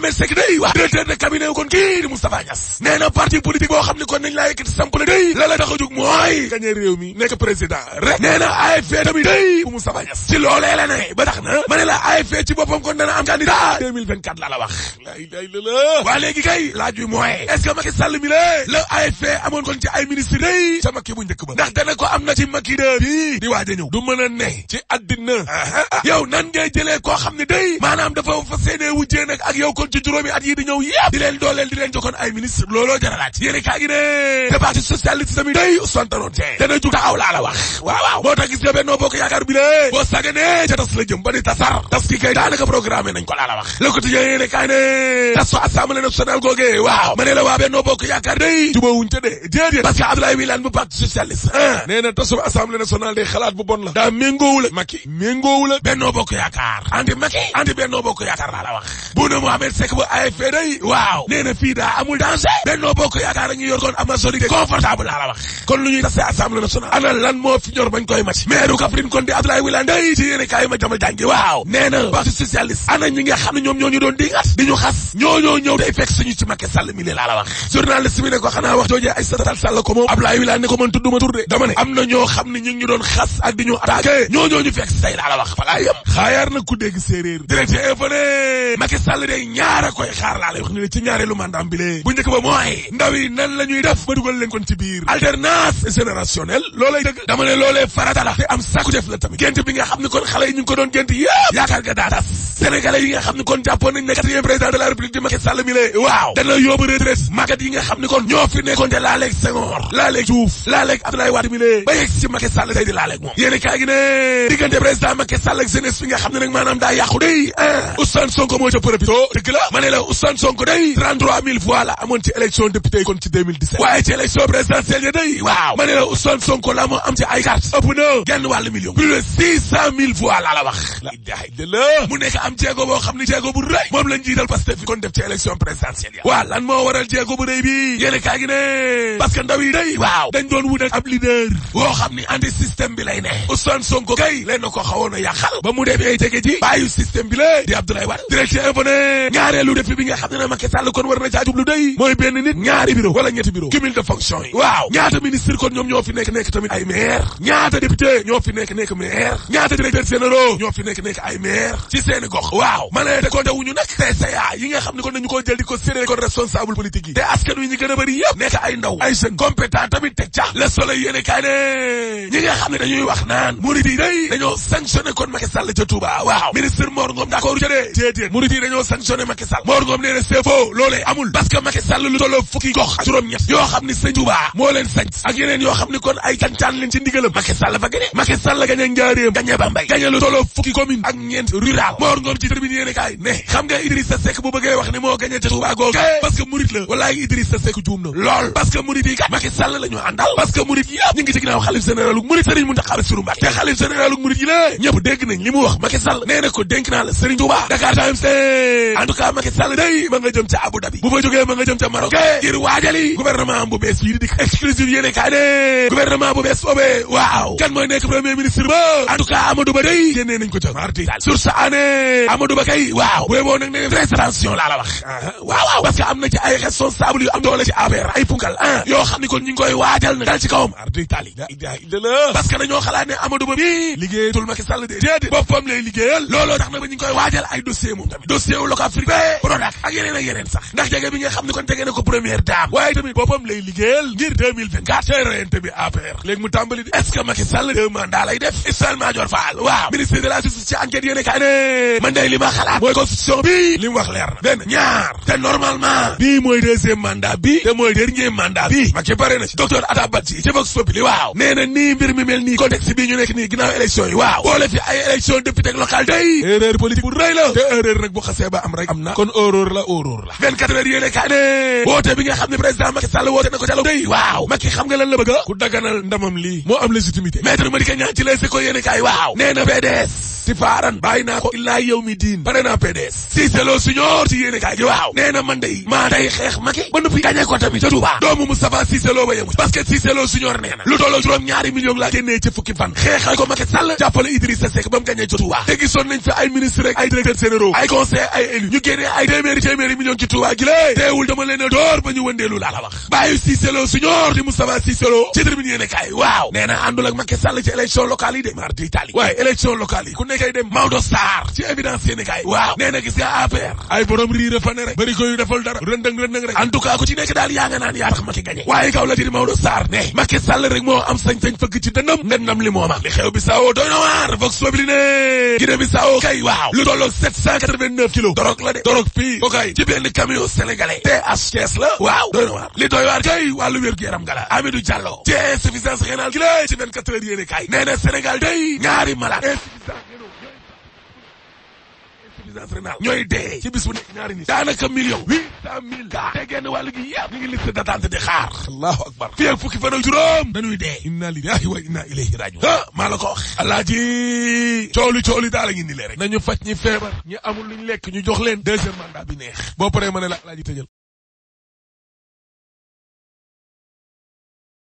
Ahmed Seck day waa directeur de cabinet yu kon kii di Moustapha Niass nee na parti politique boo xam ne kon nañ laa yëkkati samp la day la la tax a jóg mooy gañe réew mi nekk président rek nee na AFP tamit day bu Moustapha Niass ci loolee la ne ba tax na ma ne la AFP ci boppam kon dana am candidat 2024 laa la wax laa ilaha waa léegi kay laaj bi mooy est-ce que Macky Sall mi la la AFP amoon kon ci ay ministre day ca Macky bu njëkk ba ndax dana ko am na ci Macky de bi di waaj a a ci juróomi at yi di ñëw yépp di leen dooleel di leen jokkoon ay ministre looloo jaralaat yéene kaa gi ne parti socialiste tamit day Ousmane Tanor Dieng dana jug taxaw laa la wax waaw waaw moo tax gis nga Benno Bokk Yaakaar bi lée boo sagane ca tas la jëm ba di tasar tas ki kay daanaka programme nañ ko laa la wax Le Quotidien yéene kaa ne tas assemblée nationale googee waaw ma ne la waa Benno Bokk Yaakaar day jubawuñ ca de déedéet parce que Abdoulaye Wilane bu a ah nee la daa méngoowu la Macky méngoowu la Benno Bokk Yaakaar andi Macky andi Benno Bokk Yaakaar Seck bu AFP day waaw nee na fii daa amul danger Benno Bokk ñu yor koon am laa la wax kon lu ñuy tase assemblée nationale ana lan moo fi ñor bañ koy mac maire Kaffrine kon di Abdoulaye Wilane day ci yéene kaay ma dama jàngi waaw nee na parti ana ñi ñu doon di xas ñooñoo ñëw day fekk suñu ci Macky Sall mi laa la wax journaliste bi ko xanaa wax joojee Aïssata Tall Sall ko moom Abdoulaye ne ko tudduma tur de dama ne am na ñoo ñaara koy xaar laa wax ne lee ba mooy la ñuy def ba dugal leen kon ci biir alternance générationnelle loolay dëgg dama ne loolee farata la te am sàkku def la tamit gént bi nga xam ne kon xale yi ñu ngi ko doon gént yëpp yaakaar nga daa tas di Macky moom yéen kaa ne diggante président Macky Sall ak jeunesse bi nga xam ne nag maanaam daa yàqu day Ousmane Sonko moo ca profito dëgg la ma ne la Ousmane Sonko day 33000 voix la amoon ci élection député yi kon ci 2017 waaye ci élection présidentielle yi day waaw ma ne Sonko la moo am ci ay carte ëpp na genn wàllu million plus de 600000 voix la la wax la ilaha illallah ci élection bu rëy bi yéene kaa gi ne parce day waaw dañ doon wut ab leader woo xam ni anti système bi lay ne Ousmane Sonko kay leen na ko xawoon a ba mu defee jege ji bàyyi système bi la di Abdoulaye ñaareelu défi bi nga xam ne na Macky Sall kon war na caa jublu day mooy benn nit ñaari bureau wala ñetti bureau cumul de fonction yi waaw ñaata ministre kon ñoom ñoo nekk nekk tamit ay maire ci seeni gox waaw ma ne te kon dawuñu nag TCA yi nga xam ne kon dañu koo jël di ko séddee kon responsable politique yi te askan wi ñu gën a bëri nekk ay ndaw ay jeunes compétent tamit teg ca le soleil kaay ne ñi nga xam ne dañuy wax naan murid yi day dañoo Macky Sall Mor Ngom nee gox ak juróom-ñett yoo xam ni sëñ Touba moo leen sañ ak yeneen xam ni kon ay gàncaan leen ci ndigalam Macky Sall fa gagné Macky Sall gagné Njaaréem gagné Bambey gagné lu tolloo fukki commune ak ñeent rural Mor Ngom ci tribune yéene kaay ne xam nga Idrissa Seck bu bëggee wax ne moo gagné ca Touba googu murit la walaay Idrissa Seck juum na lool parce murit yi kat Macky Sall la ñu murit yëpp ñu ngi ci ginnaaw te xalif généralu murit président Macky Sall day ma nga jëm ca Abu Dhabi bu fa jógee ma nga jëm ca Maroc eh, ngir waajali gouvernement bu bees yi di dikk exclusive yéene kaa ne gouvernement bu bees boobee waaw kan mooy nekk premier ministre ba en tout cas day génnee nañ ko ca sa année Amadou Ba kay waaw booy boo nag ne très attention laa la wax uh-huh. waaw waaw parce que am na ci ay responsable yu am doole ci APR ay punkal ah yoo xam ni koy waajal na dal ci kawam mardi daal parce que ay dossier moom tamit dossier wu Prodac Prodac a yeneen ak yeneen sax ndax jege bi nga xam ne kon jege na ko première dame waaye tamit boppam lay liggéeyal ngir 2024 tey reyante bi APR léegi mu tàmbali di est-ce que Macky Sall deux mandats lay def Ismaïla Madior Fall waaw ministre de la justice ci enquête yéene kaay ne man ma xalaat mooy constitution bi li mu wax leer na te normalement bii mooy deuxième mandat bi te mooy dernier mandat bi Macky pare na ci docteur Atta ci am na kon horreur la horreur la 24 heures yéene kaa ne woote bi nga xam ne président Macky Sall woote na ko jalo day waaw Macky xam nga lan la bëgg ku daganal ndamam lii moo am légitimité maître Madické Niang ci Les Échos yéene kaay waaw nee na PDS si faaran bàyyi naa ko illaa yow mi diin pare naa PDS si selo siñor ci yéene kaay gi waaw nee na man day maa day xeex Macky ba noppi gañe ko tamit ca Touba doomu Moustapha Cissé Lo ba yemu parce que Cissé Lo siñor nee na lu tolloo juróom ñaari millions laa génnee ci fukki fan xeexal ko Macky Sall jàppale Idrissa Seck ba mu gañe ca Touba te gisoon nañ fi ay ministre rek ay directeur généraux ay conseil ay élu génnee ay téeméeri téeméeri million ci Touba gi lée teewul dama leen a door ba wëndeelu laa la wax bàyyi Cissé Lo di Moustapha Cissé ci tribune yéene waaw nee na ak Macky Sall ci élection locale yi de mar di waaye élection locale yi ku nekkay dem Maodo Sarr ci évidence yéene waaw nee gis nga APR ay borom riir fa ne rek bëri ko defal dara rëndëng rëndëng rek en tout cas ci nekk daal yaa nga naan yaa tax Macky gagné waaye kaw la ci la de dorog fii ci benn camion sénégalais THS la waaw doy na waar li doy waar kay wàllu wér-gu-yaram gala Amidou Diallo ci insuffisance rénale ki la ci 24 heures yéene kaay nee na day ñaari malade insuffisance présidence rénal ñooy dee ci bis bu nekk ñaari nit daanaka million huit cent mille gaa te genn wàll gi yëpp ñu ngi liste d'attente di xaar allahu akbar fii fukki fan ak juróom dañuy dee inna lillahi wa inna ilayhi rajiun ah maa la ko wax alaaji cooli cooli daala ngi ni lee rek nañu ñi feebar ñi amul luñ lekk ñu jox leen deuxième mandat bi neex boo paree la alaaji tëjal